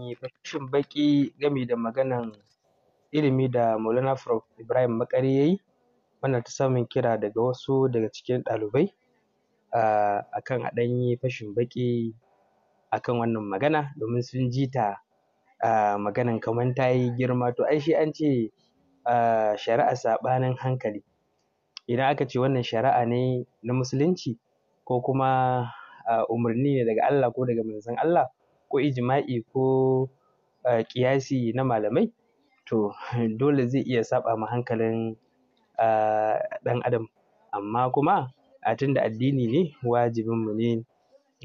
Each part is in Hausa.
yi fashin baƙi game da maganan ilimi da Maulana Prof Ibrahim Makari ya yi ta samun kira daga wasu daga cikin ɗalibai a kan ɗan yi fashin baƙi a kan wannan magana domin sun ji ta maganan kamar ta yi girma to ai shi an ce shari'a saɓanin hankali idan aka ce wannan shari'a ne na musulunci ko kuma umarni ne daga Allah ko daga manzon Allah ko ijma'i ko ƙiyasi eh, na malamai to dole zai iya saɓa ma hankalin eh, ɗan adam amma kuma a tunda addini ne wajibin mu ne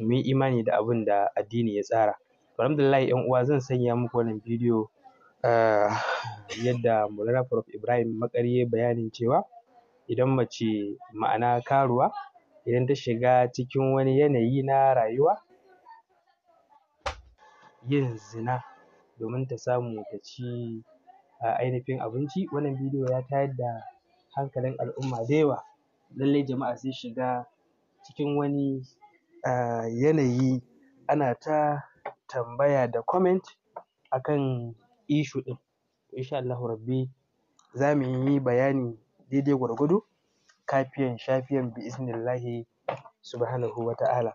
mu yi imani da abin da addini ya tsara alhamdulillah yan uwa zan sanya muku wannan bidiyo eh, yadda maulana prof ibrahim maƙari bayanin cewa idan mace ma'ana karuwa idan ta shiga cikin wani yanayi na rayuwa yin zina domin ta samu ta ci ainihin abinci. Wannan bidiyo ya tayar da hankalin al'umma da yawa. Lallai jama'a sun shiga cikin wani yanayi ana ta tambaya da comment a kan issue ɗin. Insha Allahu Rabbi za mu yi bayani daidai gwargwado kafiyan shafiyan iznillahi subhanahu wa ta'ala.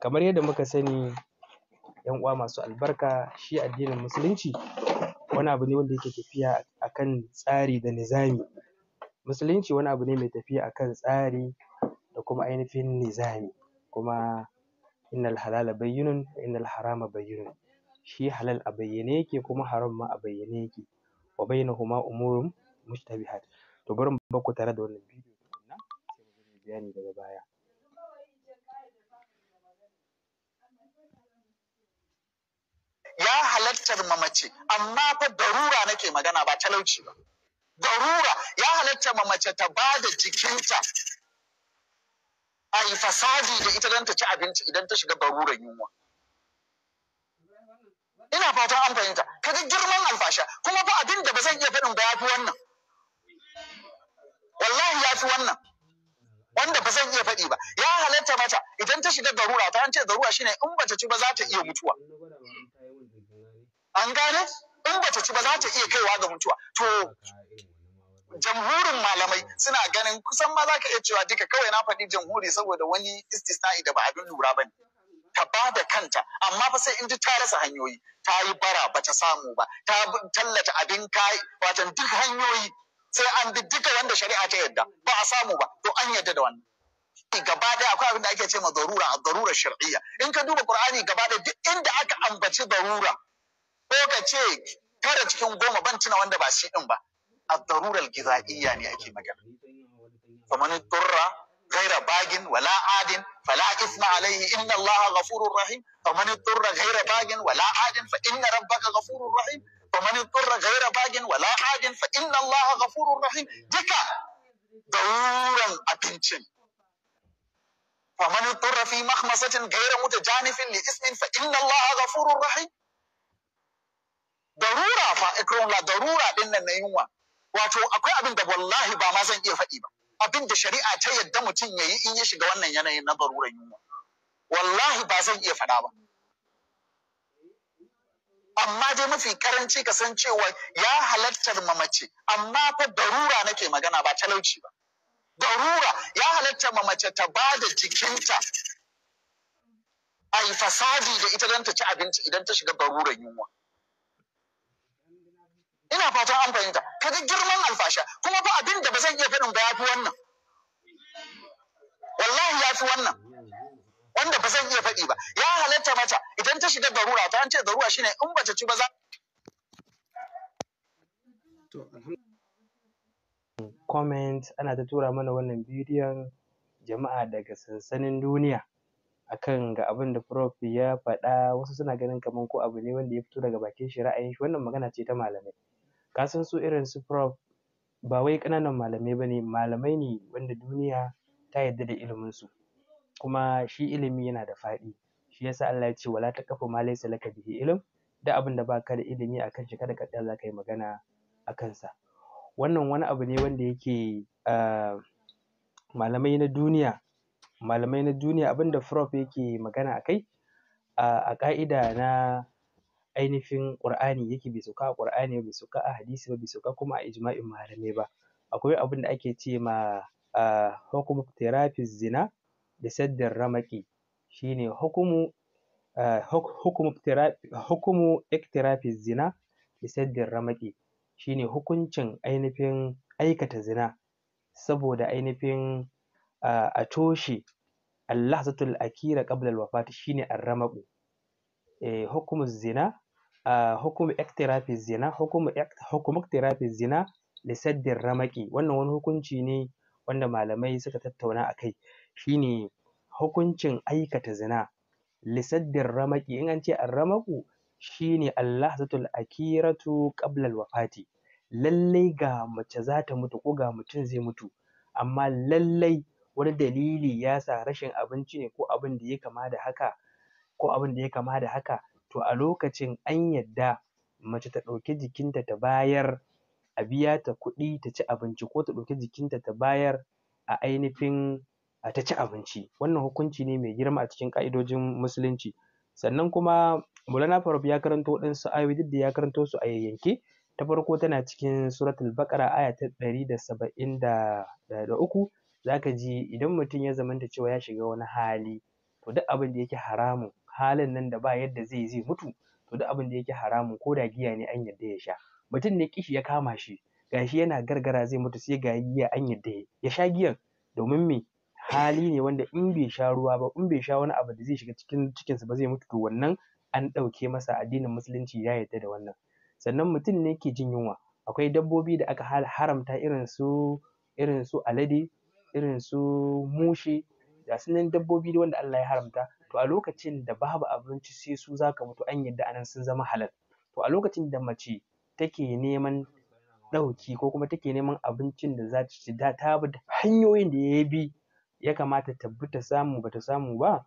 Kamar yadda muka sani 'yan uwa masu albarka shi addinin musulunci wani abu ne wanda yake tafiya akan tsari da nizami musulunci wani abu ne mai tafiya akan tsari da kuma ainihin nizami kuma innal halala bayyinun wa innal harama bayyinun shi halal a bayyane yake kuma haram ma a bayyane yake wa bainahuma umurun mushtabihat to bari mu ku tare da wannan bidiyo tukunna sai mu zo mu bayani daga baya ya halattar mamace amma fa darura nake magana ba talauci ba darura ya halatta mamace ta ba da jikinta a yi fasadi da ita don ta ci abinci idan ta shiga barurar yunwa ina fatan an fahimta kaga girman alfasha kuma ba abin da ba zan iya faɗin ba ya fi wannan wallahi ya fi wannan wanda ba zan iya faɗi ba ya halatta mata idan ta shiga barura ta an ce barura shine in bata ci ba za ta iya mutuwa an gane in ba ta ci ba za ta iya kaiwa ga mutuwa to jamhurin malamai suna ganin kusan ma za ka iya cewa duka kawai na faɗi jamhuri saboda wani istisna'i da ba abin lura ba ne ta ba da kanta amma fa sai in ji ta rasa hanyoyi ta yi bara ba ta samu ba ta tallata abin kai watan duk hanyoyi sai an bi duka wanda shari'a ta yadda ba a samu ba to an yadda da wannan gaba ɗaya akwai abin da ake ce ma darura a darura shar'iyya in ka duba qur'ani gaba ɗaya duk inda aka ambaci darura ko ka ce tara cikin goma ban tuna wanda ba shi din ba ad-darural gizaiya ne ake magana faman durra ghaira bagin wala adin fala isma alaihi inna allaha ghafurur rahim faman durra ghaira bagin wala adin fa inna rabbaka ghafurur rahim faman durra ghaira bagin wala adin fa inna allaha ghafurur rahim duka daruran abincin faman durra fi makhmasatin ghaira mutajanifin li ismin fa darura fa ikrumla darura din nan na yunwa wato akwai abin da wallahi ba ma zan iya faɗi ba abin da shari'a ta yadda mutum ya yi in ya shiga wannan yanayin na darurar yunwa wallahi ba zan iya faɗa ba amma dai mafi karanci ka san cewa ya halattar mamace amma fa darura nake magana ba talauci ba darura ya halattar mamace ta ba da jikinta a yi fasadi da ita don ta ci abinci idan ta shiga baruran yunwa ina fatan an fahimta kaga girman alfasha kuma ba abin da ba zan iya faɗin ba ya fi wannan wallahi ya wannan wanda ba zan iya faɗi ba ya halatta mata idan ta shiga darura ta an ce darura shine in bata ci ba za comment ana ta tura mana wannan bidiyon jama'a daga sansanin duniya akan ga abin da prof ya faɗa wasu suna ganin kamar ko abu ne wanda ya fito daga bakin shi ra'ayin shi wannan magana ce ta malamai ka san su irin su prof ba wai ƙananan malamai ba ne malamai ne wanda duniya ta yarda da ilimin su kuma shi ilimi yana da faɗi shi yasa Allah ya ce wala taqfu ma laysa laka bihi ilim!" da abin da baka da ilimi akan shi kada ka tsaya za ka yi magana a kansa wannan wani abu ne wanda yake malamai na duniya malamai na duniya abin da prof yake magana a kai a ƙa'ida na ainihin Ƙur'ani yake bai sauka a Ƙur'ani ba bai sauka a hadisi ba bai sauka kuma a ijma'in malamai ba akwai abin da ake ce ma a hukumu tirafiz zina da saddin ramaki shine hukumu hukumu hukumu zina da saddin ramaki shine hukuncin ainihin aikata zina saboda ainihin a toshe allahazatul akira qablal wafati shine arramaku حكم الزنا حكم اقتراف الزنا حكم حكم zina ah, lisaddin ramaki wannan wani hukunci ne wanda malamai suka tattauna a kai shine hukuncin aikata zina lisaddin ramaki in an ce arramaku shine allahzatul akiratu qabla alwafati lallai ga mace za ta mutu ko ga mutum zai mutu amma lallai wani dalili ya sa rashin abinci ne ko abin da ya kama da haka ko abin da ya kama da haka to a lokacin an yadda mace ta ɗauki jikinta ta bayar a biya ta kuɗi ta ci abinci ko ta ɗauki jikinta ta bayar a ainihin a ta ci abinci wannan hukunci ne mai girma a cikin ƙa'idojin musulunci sannan kuma Maulana Faruk ya karanto waɗansu ayoyi duk da ya karanto su a yayyanke ta farko tana cikin suratul baqara aya ta ɗari da saba'in da uku zaka ji idan mutum ya zamanta cewa ya shiga wani hali to duk abin da yake haramun halin nan da ba yadda zai zai mutu to duk abin da yake haramun ko da giya ne an yadda ya sha mutum ne kishi ya kama shi gashi yana gargara zai mutu sai ga giya an yadda ya sha giyan domin me hali ne wanda in bai sha ruwa ba in bai sha wani abu da zai shiga cikin cikinsa ba zai mutu to wannan an ɗauke masa addinin musulunci ya yarda da wannan sannan mutum ne ke jin yunwa akwai dabbobi da aka haramta irin su irin su alade irin su mushe ga su nan dabbobi wanda Allah ya haramta to a lokacin da babu abinci sai su zaka mutu an yadda anan sun zama halal to a lokacin da mace take neman ɗauki ko kuma take neman abincin da za ta ci da ta bi hanyoyin da ya bi ya kamata ta bi ta samu ba ta samu ba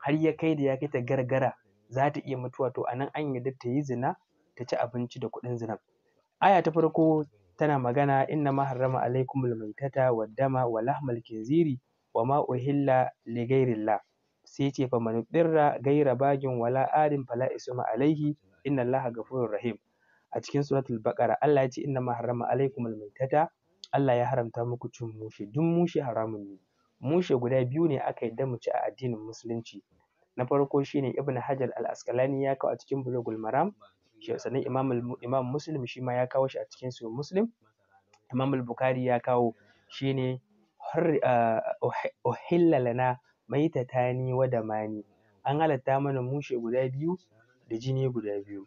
har ya kai da ya kai ta gargara za ta iya mutuwa to anan an yarda ta yi zina ta ci abinci da kuɗin zinan aya ta farko tana magana inna ma harrama alaikumul maitata wa dama wa lahmal khinziri wa ma uhilla li ghairillah sai ce fa man birra gaira bagin wala adin fala isma alaihi inna allaha ghafurur rahim a cikin suratul baqara Allah ya ce inna ma harrama alaikumul maitata Allah ya haramta muku cin mushe duk mushe haramun ne mushe guda biyu ne aka yadda mu ci a addinin musulunci na farko shine ibnu hajar al-asqalani ya kawo a cikin bulugul maram sannan imam imam muslim shi ma ya kawo shi a cikin su muslim imam al-bukhari ya kawo shine ah, uhilla lana tani wa mani an halatta mana mushe guda biyu da jini guda biyu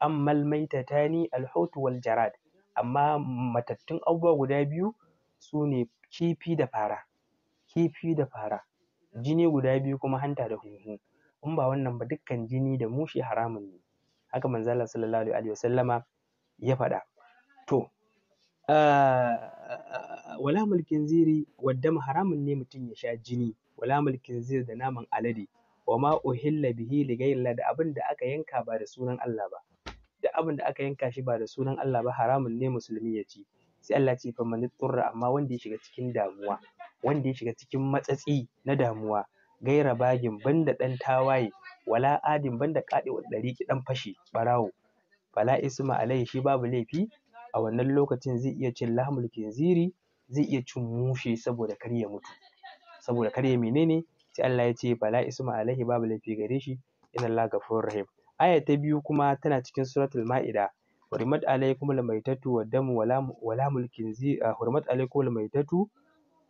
ammal maitatani alhautu wal jarad amma matattun abubuwa guda biyu su ne kifi da fara kifi da fara jini guda biyu kuma hanta da huhu in ba wannan ba dukkan jini da mushe haramun ne haka manzo Allah sallallahu alaihi wasallama ya faɗa to ah, wala mulkin ziri wadda haramun ne mutum ya sha jini wala mulkin zai da naman alade wa ma uhilla bihi li da abin da aka yanka ba da sunan Allah ba da abin da aka yanka shi ba da sunan Allah ba haramun ne musulmi ya ci sai Allah ce fa man turra amma wanda ya shiga cikin damuwa wanda ya shiga cikin matsatsi na damuwa gaira bagin banda dan tawaye wala adin banda kade wa ki dan fashi barawo fala isma alai shi babu laifi a wannan lokacin zai iya cin lahmul kinziri zai iya cin mushe saboda kar ya mutu saboda kar ya menene sai Allah ya ce bala isma alaihi babu laifi gare shi inna Allah ghafurur rahim aya ta biyu kuma tana cikin suratul ma'ida hurmat alaikum wa damu wala mulkin zi ah, hurmat alaikum maitatu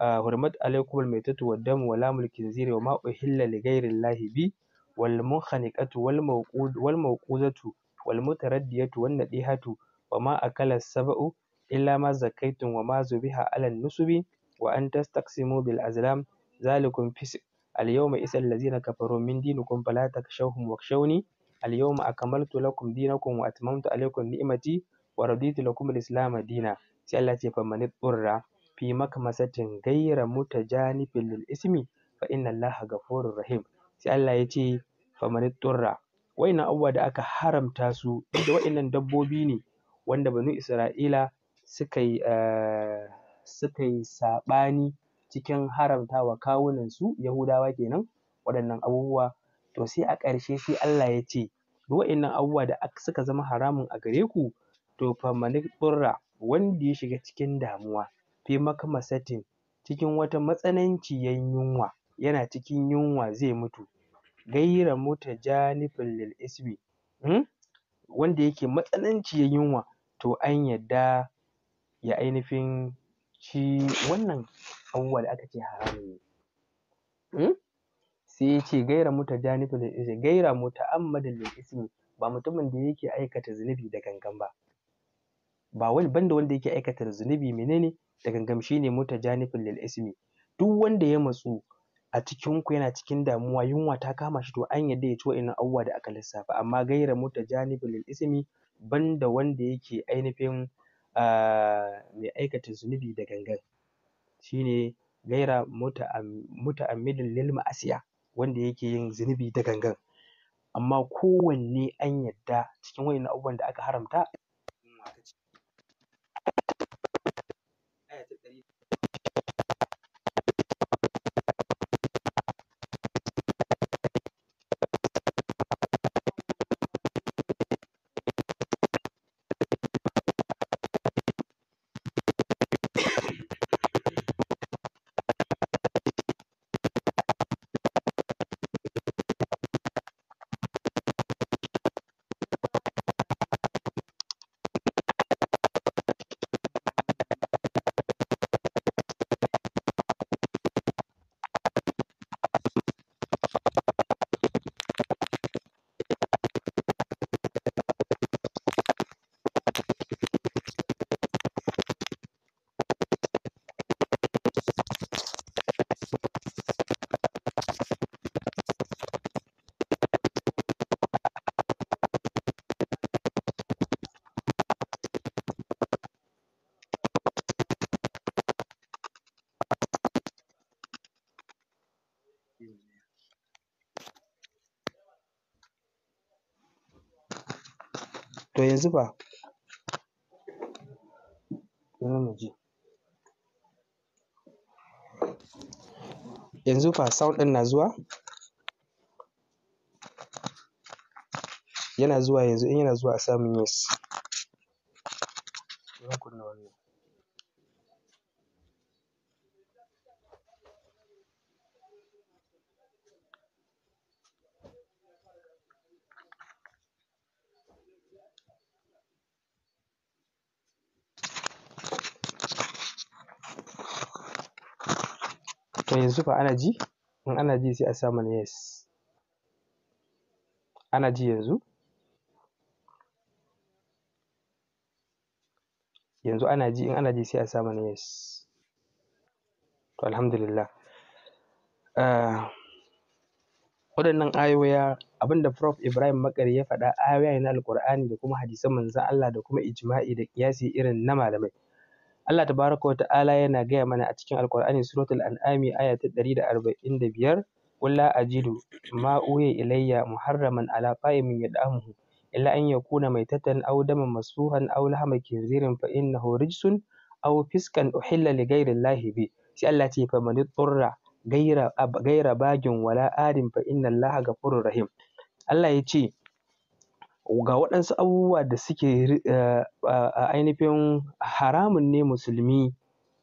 ah, hurmat alaikum wa waddamu wala mulkin zi wa ma uhilla li ghairi llahi bi wal munkhaniqatu wal mawqud wal mawquzatu wal mutaraddiyatu wan nadihatu wa ma akala sab'u illa ma zakaitum wa ma zubiha alan nusubi wa an tastaqsimu bil azlam zalikum fisik alyawma isal ladzina kafaru min dinikum fala takshawhum wakshawni alyawma akmaltu lakum dinakum wa atmamtu alaykum ni'mati wa raditu lakum alislam dina sai Allah ce fa man turra fi makmasatin ghayra mutajanifin lil ismi fa inna Allaha ghafurur rahim sai Allah ya ce fama man turra wayna abuwa da aka haramta su da wayannan dabbobi ne wanda banu isra'ila suka yi eh, suka sabani cikin haramta wa kawunansu Yahudawa kenan waɗannan abubuwa to sai a ƙarshe sai Allah ya ce duk waɗannan abubuwa da suka zama haramun a gare ku to fa burra wanda ya shiga cikin damuwa fi makamasatin cikin wata matsananciyar yunwa yana cikin yunwa zai mutu gaira mota janifin lil ismi hmm? wanda yake matsananciyar yunwa to an yadda ya ainihin shi wannan abubuwa da aka ce haramun ne hmm? sai ya ce gaira muta janibu da ismi gaira muta ammadin lil ismi ba mutumin da yake aikata zunubi da gangan ba ba wani banda wanda yake aikata zunubi menene da gangan shine muta janibul lil ismi duk wanda ya matsu a cikinku yana cikin damuwa yunwa ta kama shi to an yadda ya ci wa'innan abubuwa da aka lissafa amma gaira muta janibul lil ismi banda wanda yake ainihin ah, mai aikata zunubi da gangan shine gaira muta'ammidin lil ma'asiya wanda yake yin zunubi da gangan amma kowanne an yadda cikin wa'innan abubuwan da aka haramta to yanzu fa bari mu ji yanzu fa sound ɗin na zuwa yana zuwa yanzu in yana zuwa a samu min yes Yusufa ana ji? In ana ji sai a sa mana yes. Ana ji yanzu? Yanzu ana ji in ana ji sai a sa mana yes. To alhamdulillah. Uh, waɗannan ayoya abinda prof ibrahim makari ya faɗa ayoya ne na alƙur'ani da kuma hadisan manzon allah da kuma ijma'i da ƙiyasi irin na malamai Allah tabaraka wa ta'ala yana gaya mana a cikin Alƙur'ani suratul an'ami aya ta ɗari da arba'in da biyar la ajidu ma uye ilayya muharraman ala qa'imin yad'amuhu illa an yakuna maitatan aw daman masfuhan aw lahma khinzirin fa innahu rijsun aw fiskan uhilla li ghairi llahi bi sai Allah ce fa man turra gaira bagin wala adin fa inna allaha ghafurur rahim Allah ya ce ga waɗansu abubuwa da suke eh, ainihin haramun ne musulmi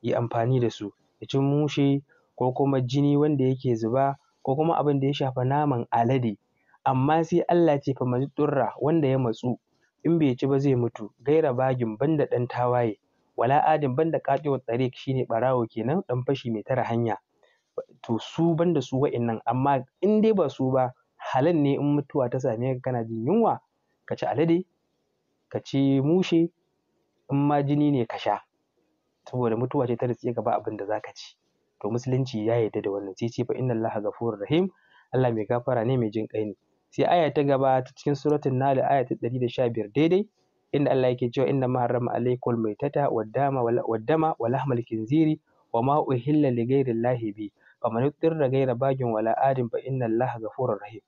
ya amfani da su ya ci mushe ko kuma jini wanda yake zuba ko kuma abin da ya shafa naman alade amma sai Allah ce fa durra wanda ya matsu in bai ci ba zai mutu gaira bagin banda ɗan tawaye wala adin banda ƙatiwar tsarik shine ɓarawo kenan ɗan fashi mai tara hanya to su banda su wa'innan amma in dai ba su ba halal ne in mutuwa ta same ka kana jin yunwa ka ci alade ka ci mushe in ma jini ne ka sha saboda mutuwa ce ta riske gaba ba abin da za ka ci to musulunci ya yarda da wannan sai ce fa inna allaha ghafurur rahim Allah mai gafara ne mai jin ƙai ne sai aya ta gaba ta cikin suratul nahl aya ta biyar daidai inda Allah yake cewa inna ma harrama alaykum maitata waddama waddama wa lahmal khinziri wa ma uhilla li ghairi llahi bi faman yutirra ghaira bagin wala adin fa inna allaha ghafurur rahim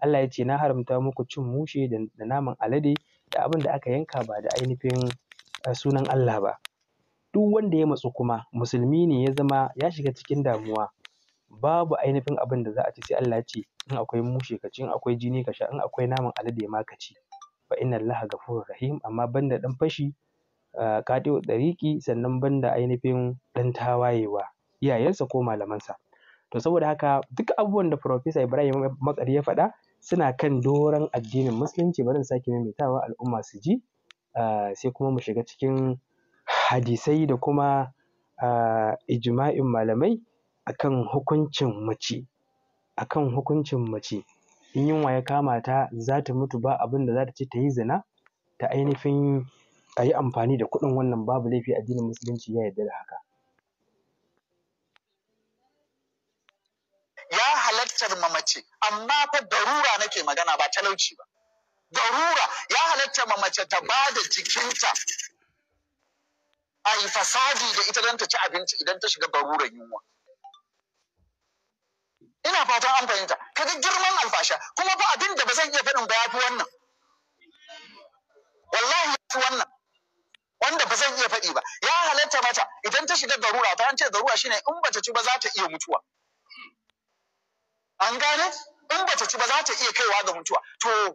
Allah ya ce na haramta muku cin mushe da naman alade da abin da aka yanka ba da ainihin eh, sunan Allah ba duk wanda ya matsu kuma musulmi ne ya zama ya shiga cikin damuwa babu ainihin abin da za a ci sai Allah ya ce in akwai mushe ka ci in akwai jini ka sha in akwai naman alade ma ka ci fa inna Allah ghafurur rahim amma banda dan fashi kadiyo eh, ɗariƙi sannan banda ainihin dan tawayewa iyayensa ko malamansa to saboda haka duk abubuwan da Profesa Ibrahim Makari ya faɗa suna kan doron addinin musulunci bari in sake maimaitawa al'umma su ji ah, sai kuma mu shiga cikin hadisai da kuma ah, ijma'in malamai akan hukuncin mace akan hukuncin mace in yunwa ya kama ta za ta mutu ba abin da za ta ci ta yi zina ta ainihin a yi amfani da kuɗin wannan babu laifi addinin musulunci ya yarda da haka halittar mamace amma fa darura nake magana ba talauci ba darura ya halatta mamace ta ba da jikinta a yi fasadi da ita don ta ci abinci idan ta shiga yunwa ina fatan an fahimta kaga girman alfasha kuma ba abin da ba zan iya faɗin ba ya fi wannan wallahi ya fi wannan wanda ba zan iya faɗi ba ya halatta mata idan ta shiga darura ta an ce darura shine in bata ci ba za ta iya mutuwa an gane in bata ci ba za ta iya kaiwa ga mutuwa to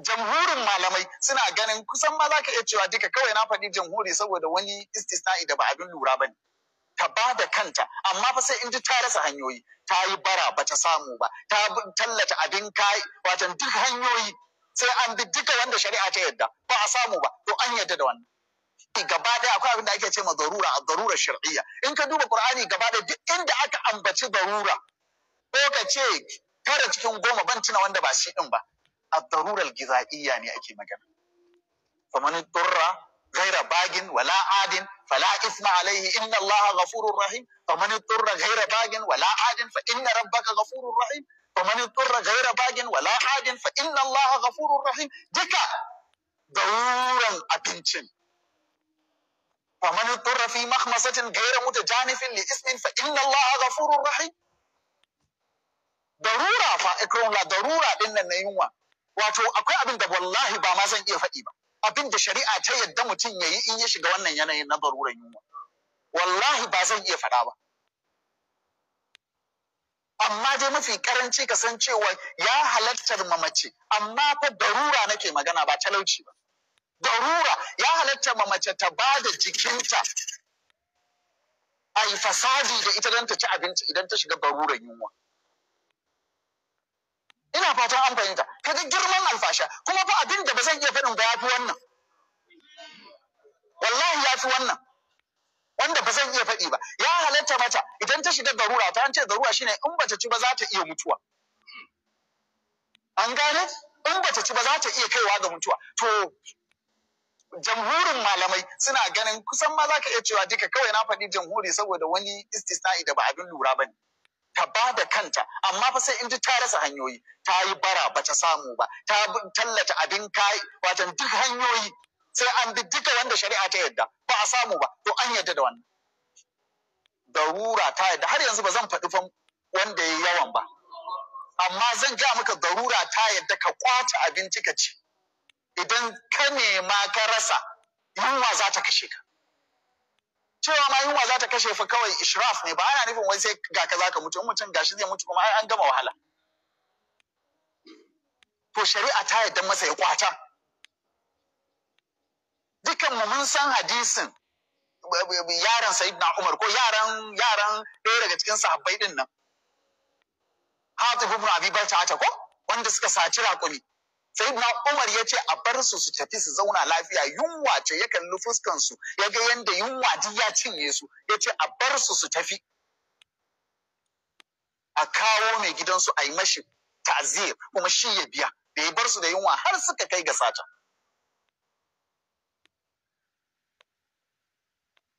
jamhurin malamai suna ganin kusan ma za ka iya cewa duka kawai na faɗi jamhuri saboda wani istisna'i da ba abin lura ba ne ta ba da kanta amma fa sai in ji ta rasa hanyoyi ta yi bara ba ta samu ba ta tallata abin kai wato duk hanyoyi sai an bi duka wanda shari'a ta yadda ba a samu ba to an yadda da wannan gaba ɗaya akwai abin da ake ce ma zarura, a darura shar'iyya in ka duba qur'ani gaba ɗaya duk inda aka ambaci darura ko ka ce tara cikin goma ban tuna wanda ba shi din ba ad-darural gizaiya ne ake magana faman turra ghaira bagin wala adin fala isma alaihi inna allaha ghafurur rahim faman turra ghaira bagin wala adin fa inna rabbaka ghafurur rahim faman turra ghaira bagin wala adin fa inna Allah ghafurur rahim duka daruran abincin faman turra fi makhmasatin ghaira mutajanifin li ismin fa inna allaha ghafurur rahim darura fa la darura din nan na yunwa wato akwai abin da wallahi ba ma zan iya faɗi ba abin da shari'a ta yadda mutum ya yi in ya shiga wannan yanayin na daruran yunwa wallahi ba zan iya faɗa ba amma dai mafi karanci ka san cewa ya halattar mamace amma fa darura nake magana ba talauci ba darura ya halatta mamace ta ba da jikinta a fasadi da ita don ta ci abinci idan ta shiga barurar yunwa ina fatan an fahimta kaga girman alfasha kuma fa abin da ba zan iya faɗin ba ya fi wannan wallahi ya fi wannan wanda ba zan iya faɗi ba ya halatta mata idan ta shiga darura ta an ce darura shine in bata ci ba za ta iya mutuwa an gane in bata ci ba za ta iya kaiwa ga mutuwa to jamhurin malamai suna ganin kusan ma za ka iya cewa duka kawai na faɗi jamhuri saboda wani istisna'i da ba abin lura ba ne ta ba da kanta amma fa sai in ji ta rasa hanyoyi ta yi bara ba ta samu ba ta tallata abin kai watan duk hanyoyi sai an bi duka wanda shari'a ta yadda ba a samu ba to an yadda da wannan darura ta yadda har yanzu ba zan faɗi fa wanda ya yawan ba amma zan ga maka garura ta yadda ka kwace abinci ka ci idan ka nema ka rasa yunwa za ta kashe ka cewa ma yunwa za ta kashe fa kawai Ishraf ne ba ana nufin wai sai ga kaza ka mutu in mutum gashi zai mutu kuma an gama wahala to shari'a ta yadda masa ya kwata dukan mu mun san hadisin yaran sayyidina umar ko yaran yaran ɗaya daga cikin sahabbai din nan hatibu ibn abi ta ko wanda suka saci raƙumi sai na umar ya ce a bar su su tafi su zauna lafiya yunwa ce ya kalli fuskansu su ya ga yadda yunwa duk ya cinye su ya ce a bar su su tafi a kawo mai gidansu a yi mashi ta'aziyar kuma shi ya biya da ya bar su da yunwa har suka kai ga sata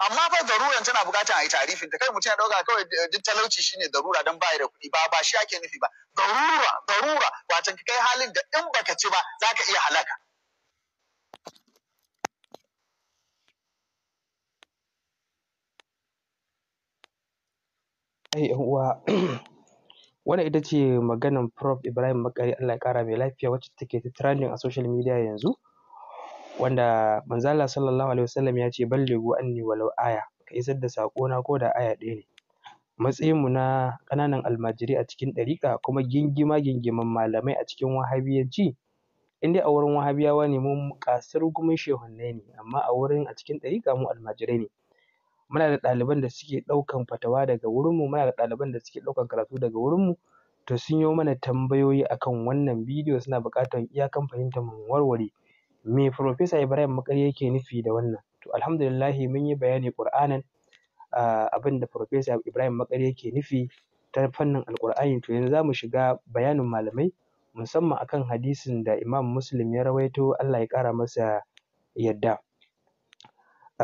amma fa zaruran tana bukatar a yi tarifin ta kai mutum ya ɗauka kawai eh, duk talauci shine darura don bayi da kuɗi ba ba shi ake nufi ba darura darura wato ka kai halin da in baka ci ba za ka iya halaka Ai ‘yan uwa wannan ita ce maganar Prof Ibrahim makari Allah ya kara mai lafiya wacce take ta trending a social media yanzu. wanda manzala sallallahu alaihi wasallam ya ce ballighu anni walau aya ka isar da na ko da aya ɗaya ne matsayin mu na ƙananan almajiri a cikin ɗariƙa kuma gingima gingiman malamai a cikin wahabiyanci in dai a wurin wahabiyawa ne mu ƙasar gumin shehunnai ne amma a wurin a cikin ɗariƙa mu almajirai ne muna da ɗaliban da suke ɗaukan fatawa daga wurinmu muna da ɗaliban da suke ɗaukan karatu daga wurinmu to sun yo mana tambayoyi akan wannan bidiyo suna buƙatar iyakan fahimtar mu warware Me Profesa Ibrahim Makarya yake nufi da wannan? To alhamdulillah mun yi bayani Qur'anan abin da Profesa Ibrahim Makarya yake nufi ta fannin Alƙur'ani to yanzu za mu shiga bayanin malamai musamman akan hadisin da Imam Muslim ya rawaito Allah ya kara masa yadda.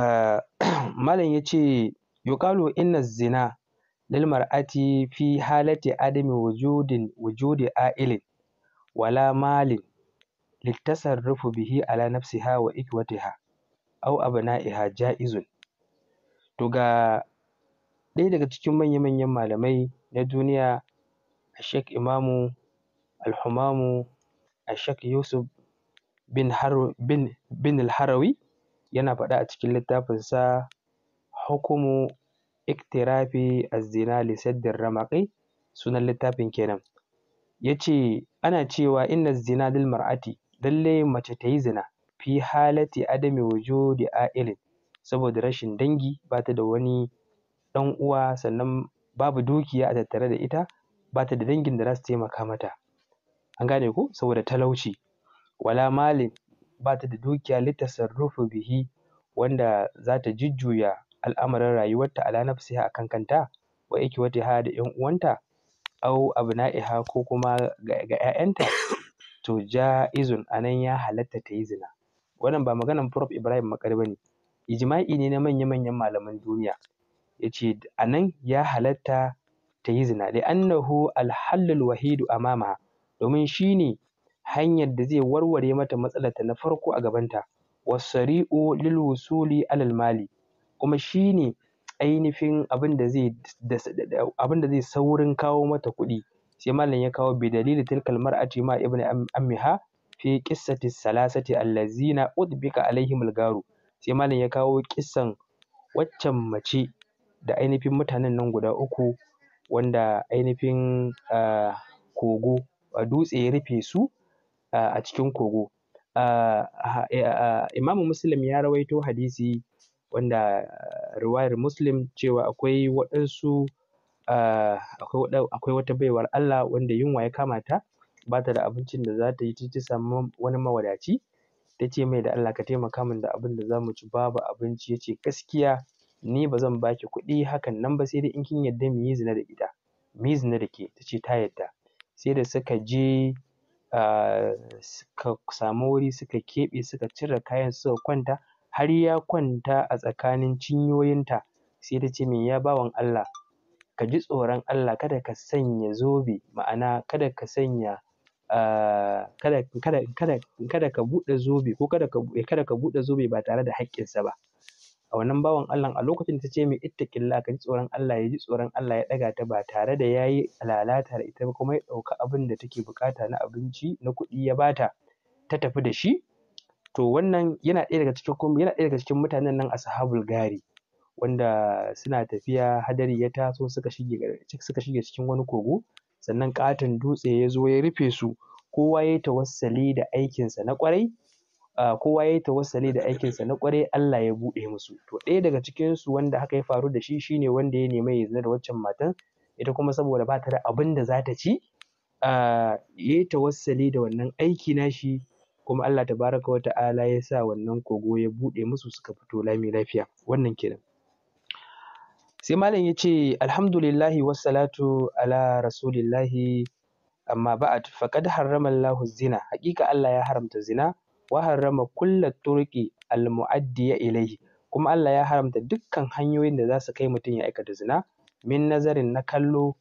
Malam ya ce yuqalu inna zina lil mar'ati fi halati adami wujudin wujudi ailin wala malin litasarrufu bihi ala nafsiha wa ikwatiha au abna'iha ja'izun to ga ɗaya daga cikin manya-manyan malamai na duniya Sheikh Imamu Al-Humamu Sheikh Yusuf bin, bin, bin Al-Harawi yana faɗa a cikin littafinsa hukumu iktirafi az-zina li saddin ramaqi sunan littafin kenan yace ana cewa inna zina lil mar'ati lalle mace ta yi zina fi halati adami wujudi ailin saboda rashin dangi ba ta da wani ɗan uwa sannan babu dukiya a tattare da ita ba ta da dangin da za su taimaka mata an gane ko saboda talauci wala malin ba ta da dukiya litasarrufu bihi wanda za ta jujjuya al'amarin rayuwarta ala nafsiha akan kanta wa ikwatiha da 'yan uwanta au abna'iha ko kuma ga 'ya'yanta to ja'izun anan ya halatta ta yi zina wannan ba maganan Prof Ibrahim Makari ne ijma'i ne na manya-manyan malaman duniya ya yace anan ya halatta ta yi zina li'annahu alhallul wahidu mama, domin shine hanyar da zai warware mata ta na farko a gabanta wasari'u lil wusuli alal mali kuma shine ainihin abin da zai saurin kawo mata kuɗi sai malam ya kawo bi dalili tilkal mar'ati ma ibn ammiha fi qissati salasati allazina udbika alaihim garu sai malam ya kawo kissan waccan mace da ainihin mutanen nan guda uku wanda ainihin ah, kogo a dutse ya rufe su ah, a cikin kogo ah, eh, imamu muslim ya rawaito hadisi wanda riwayar muslim cewa akwai waɗansu Ah, akwai wata baiwar Allah wanda yunwa ya kamata ta ba ta da abincin da za ta yi ta samu wani mawadaci ta ce mai da Allah ka taimaka min da abin da za mu ci babu abinci ya ce gaskiya ni ba zan ba ki kuɗi hakan nan ba sai dai in kin yarda mu yi zina da ita mu yi zina da ke ta ce ta yarda sai da suka je ah, suka samu wuri suka keɓe suka cire kayan suka kwanta har ya kwanta a tsakanin cinyoyinta sai ta ce min ya bawan Allah ka ji tsoron Allah kada ka sanya zobe ma'ana kada ka sanya ah, kada, ka buɗe zobe ko kada ka, buɗe zobe ba tare da haƙƙinsa ba a wannan bawan Allah a lokacin ta ce mai killa, ka ji tsoron Allah ya ji tsoron Allah ya ɗaga ta ba tare da ya yayi lalata da ita ba kuma ya ɗauka abin da take buƙata na abinci na kuɗi ya bata ta tafi da shi to wannan yana ɗaya daga cikin mutanen nan sahabul gari wanda suna tafiya hadari ya taso suka shige cikin wani kogo sannan ƙaton dutse ya zo ya rufe su kowa ya tawassali da aikinsa na ƙwarai kowa ya yi tawassali da aikinsa na ƙwarai Allah ya buɗe musu to ɗaya daga cikinsu wanda haka ya faru da shi shine wanda ya nemi ya zina da waccan matan ita kuma saboda bata da abin da za ta ci ya yi tawassali da wannan aiki shi, kuma Allah tabaraka wa ta'ala ya sa wannan kogo ya buɗe musu suka fito lami lafiya wannan kenan sai malam ya ce alhamdulillahi wassalatu ala rasulillahi amma ba'ad da harrama Allahu zina Hakika Allah ya haramta zina wa harrama kulla turki almu'addiya ya kuma Allah ya haramta dukkan hanyoyin da za su kai mutum ya aikata zina min nazarin na kallo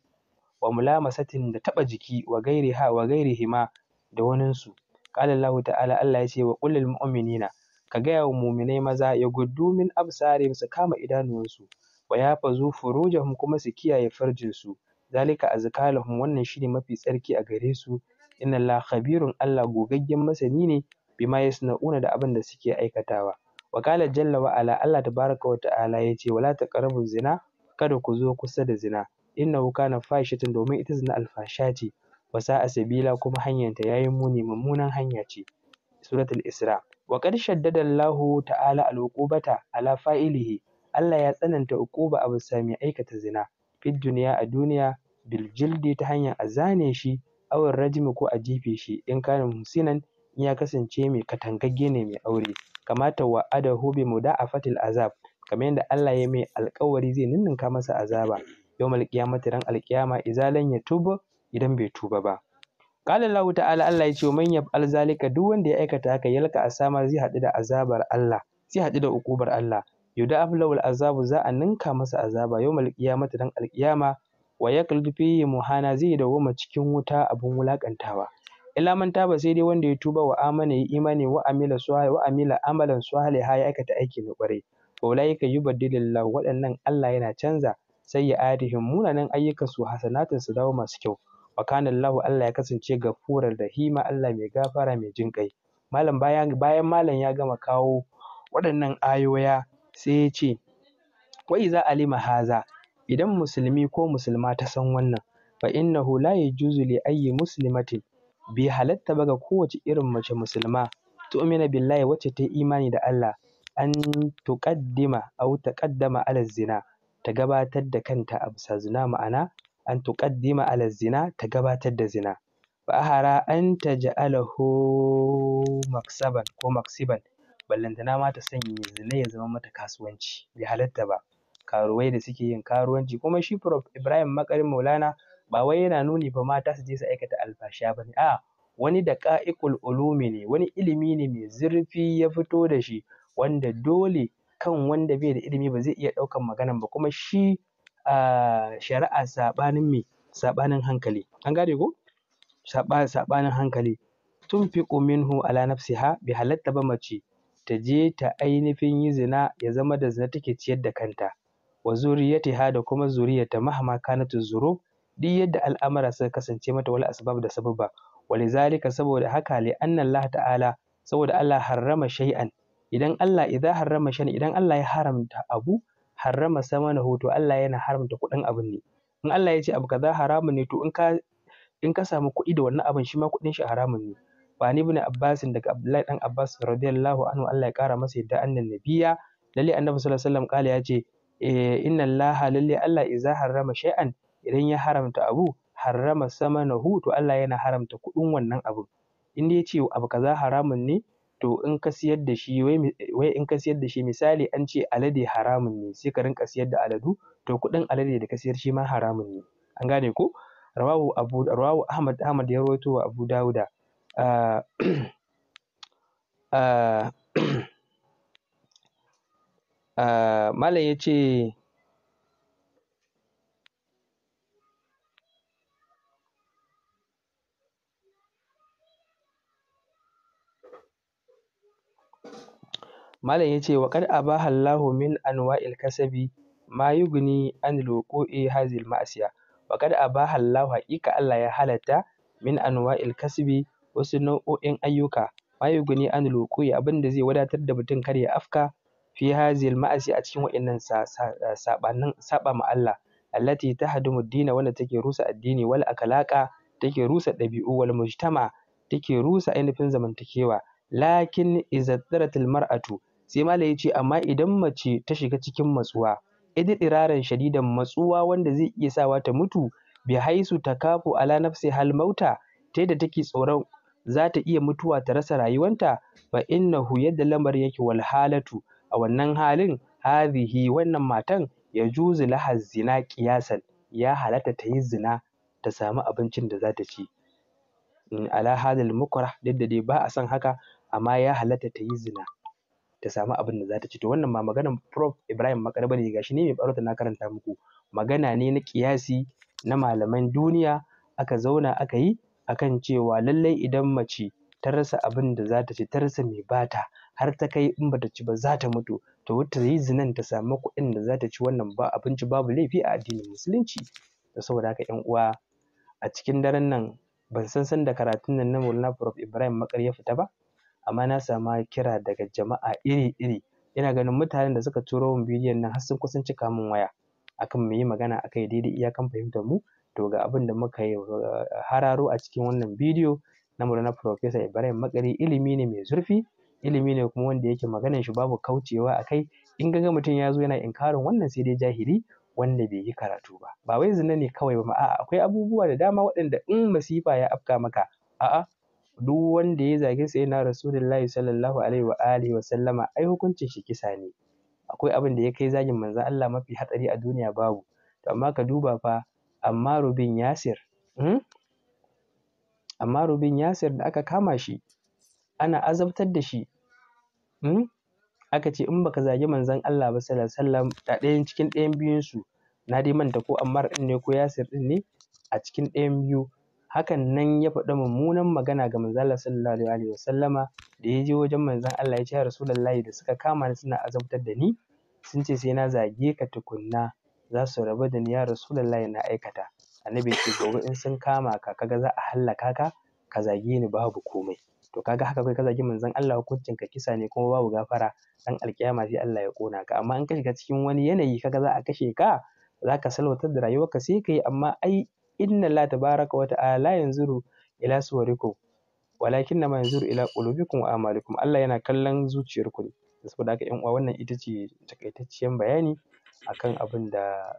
wa mulamasatin da taɓa jiki wa ha wa hima da waninsu qala Allahu ta'ala Allah ya ce wa qul mu'minina ka gaya wa muminai maza ya guddu min absarihim su kama idanuwansu wa yafazu furujahum kuma su kiyaye farjinsu zalika azkalahum wannan shine mafi tsarki a gare su inna Allah khabirun Allah gogaggen masani ne bima yasna'una da abin da suke aikatawa wa jalla wa'ala ala Allah tabaraka wa ta'ala ce wala taqrabu zina kada ku zo kusa da zina innahu kana fahishatin domin ita zina alfasha ce wa sa'a sabila kuma hanyarta yayi muni mummunan hanya ce suratul isra wa qad shaddada Allah ta'ala al'uqubata ala fa'ilihi Allah ya tsananta uquba a bisa aikata zina fid duniya a duniya bil jildi ta hanyar a zane shi awar rajimi ko a jefe shi in kana musinan in ya kasance mai katangagge ne mai aure kamata wa muda a muda'afatil azab kamar yadda Allah ya mai alƙawari zai ninninka masa azaba yawmal dan ran alqiyama izalan ya tuba idan bai tuba ba qala Allah ta'ala Allah ya ce man yaf'al zalika duk wanda ya aikata haka yalka asama zai haɗu da azabar Allah zai haɗu da ukubar Allah Yuda lawal azabu za a ninka masa azaba yawmal qiyamati dan ma. wa yaqlidu fihi muhana zai dawwama cikin wuta abun wulakantawa illa man taba sai dai wanda ya tuba wa amana ya imani wa amila suhai wa amila amalan suhali ha ya aikata aiki na yi wa lah yubaddilillahu waɗannan Allah yana canza sai ya adihim munanan ayyukan su hasanatin su dawo masu kyau wa kana Allah Allah ya kasance gafurar rahima Allah mai gafara mai jin kai malam bayan bayan malam ya gama kawo waɗannan ayoya sai ya ce wa iza alima haza idan musulmi ko musulma ta san wannan fa innahu la yajuzu li ayyi muslimatin bai halatta ba ga kowace irin mace musulma tu'mina billahi wacce ta yi imani da Allah an tuqaddima aw taqaddama ala zina ta gabatar da kanta a bisa zina ma'ana an tuqaddima ala zina ta gabatar da zina fa ahara an taj'alahu maksaban ko maksiban ballantana ma ta sanya zina ya zama mata kasuwanci bai halatta ba karuwai da suke yin karuwanci kuma shi prof ibrahim makarin maulana ba wai yana nuni ba mata su je su aikata alfasha ba ne a'a wani da ka'ikul ulumi ne wani ilimi ne mai zurfi ya fito da shi wanda dole kan wanda bai da ilimi ba zai iya ɗaukan maganan ba kuma shi shari'a saɓanin me saɓanin hankali an gane ko saɓanin hankali tun fiƙo minhu ala nafsiha bi halatta ba mace ta je ta ainihin yi zina ya zama da zina take ciyar da kanta wa zuriyatiha da kuma zuriyarta mahama na zurub duk yadda al'amara suka kasance mata wal asbab da sababa walizalika saboda haka li anna Allah ta'ala saboda Allah harrama shay'an idan Allah idan harrama shay'an idan Allah ya haramta abu harrama samanahu to Allah yana haramta kuɗin abin ne in Allah ya ce abu kaza haramun ne to in ka in ka samu kuɗi da wannan abin shi ma kuɗin shi haramun ne wani an ibn abbas daga abdullahi dan abbas radiyallahu anhu Allah ya kara masa yadda annan nabiya lalle annabi sallallahu alaihi wasallam kala yace eh, inna Allah lalle Allah idza harrama shay'an idan ya haramta abu harrama samanahu to Allah yana haramta kuɗin wannan abu in dai ce abu kaza haramun ne to in ka siyar da shi wai in ka siyar da shi misali an ce alade haramun ne sai ka rinka siyar da aladu to kuɗin alade da ka siyar shi ma haramun ne an gane ko rawahu abu rawahu ahmad ahmad ya rawaito wa abu dauda Malam ya ce malam ya ce yace wa qad abaha Allahu min anwa'il kasabi ma yughni anil wuqu'i hazihil masiyah wa qad abaha Allahu haƙiƙa Allah ya halatta min anwa'il kasbi wasu nau'o'in ayyuka ma an anil abin abinda zai wadatar da mutum kar ya afka fi hazil ma'asi a cikin wa'innan saɓanin saɓa ma Allah allati tahdumu dina wanda take rusa addini wal akalaka take rusa ɗabi'u wal mujtama take rusa ainihin zamantakewa lakin izattaratil mar'atu sai malam yace amma idan mace ta shiga cikin matsuwa idiraran shadidan matsuwa wanda zai iya sawa ta mutu bi haisu takafu ala nafsi hal mauta ta yadda take tsoron za ta iya mutuwa ta rasa rayuwanta fa innahu yadda lamarin yake wal halatu a wannan halin hadhihi wannan matan ya juzu laha zina qiyasan ya halatta ta yi zina ta samu abincin da za ta ci ala hadal mukrah duk da dai ba a son haka amma ya halatta ta yi zina ta samu abin da za ta ci to wannan ma maganar prof ibrahim makarba ne gashi ne mai barota na karanta muku magana ne na kiyasi na malaman duniya aka zauna aka yi akan cewa lallai idan mace ta rasa abin da za ta ci ta rasa mai bata har ta kai in ba ta ci ba za ta mutu to ta yi zinan ta samu kuɗin da za ta ci wannan ba abinci babu laifi a addinin musulunci da saboda haka 'yan uwa a cikin daren nan ban san sanda karatun nan na Maulana Prof Ibrahim Makar ya fita ba amma na samu kira daga jama'a iri-iri ina ganin mutanen da suka turo min bidiyon nan har sun kusan cika min waya akan mu yi magana a kai daidai kan fahimtar mu to ga abin da muka yi uh, hararo a cikin wannan bidiyo na murna Professor Ibrahim Makari ilimi ne mai zurfi ilimi ne kuma wanda yake maganar shi babu kaucewa a kai in ga mutum ya zo yana inkarin wannan sai dai jahili wanda bai yi karatu ba ba wai zina ne kawai ba a'a akwai abubuwa da dama waɗanda in masifa ya afka maka a'a duk wanda ya zagi sai na rasulullahi sallallahu alaihi wa alihi wa sallama ai hukuncin shi kisa ne akwai abin da ya kai zagin manzon Allah mafi hatsari a duniya babu to amma ka duba fa Ammaru bin Yasir hmm? Ammaru bin Yasir da aka kama shi ana azabtar da shi hmm? aka ce in baka zagi manzon Allah ba sallallahu alaihi wasallam da ɗayan cikin ɗayan biyun su na dai manta ko Ammar ɗin ne ko Yasir ɗin ne a cikin ɗayan biyu hakan nan ya faɗi mummunan magana ga manzon Allah sallallahu alaihi wa sallama da ya je wajen manzon Allah ya ce ya rasulullahi da suka kama ni suna azabtar da ni sun ce sai na zage ka tukunna za su rabu da ni ya rasulullahi na aikata annabi ya ce gobe in sun kama ka kaga za a hallaka ka ka zage ni babu komai to kaga haka kai ka zagi manzon Allah hukuncin ka kisa ne kuma babu gafara dan alkiyama sai Allah ya kona ka amma in ka shiga cikin wani yanayi kaga za a kashe ka zaka salwatar da rayuwarka sai kai amma ai inna Allah tabaraka wa ta'ala la yanzuru ila suwarikum walakin ma yanzuru ila qulubikum wa amalikum Allah yana kallon zuciyarku ne saboda haka ƴan uwa wannan ita ce takaitacciyar bayani akan abin da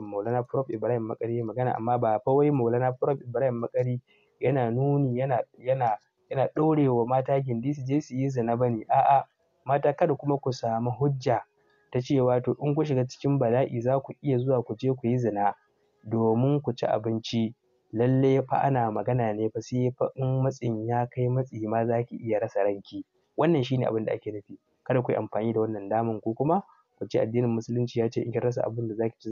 Maulana Prof Ibrahim Makari magana amma ba fa wai Maulana Prof Ibrahim Makari yana nuni yana yana yana ɗorewa mata gindi su je su yi zina bane a'a mata kada kuma ku samu hujja ta cewa to in ku shiga cikin bala'i za ku iya zuwa ku je ku yi zina domin ku ci abinci lalle fa ana magana ne fa sai fa in matsin ya kai matsi ma za ki iya rasa ranki wannan shine abin da ake nufi kada ku yi amfani da wannan daman ku kuma ku ci addinin musulunci ya ce in kin rasa abin da za ki ci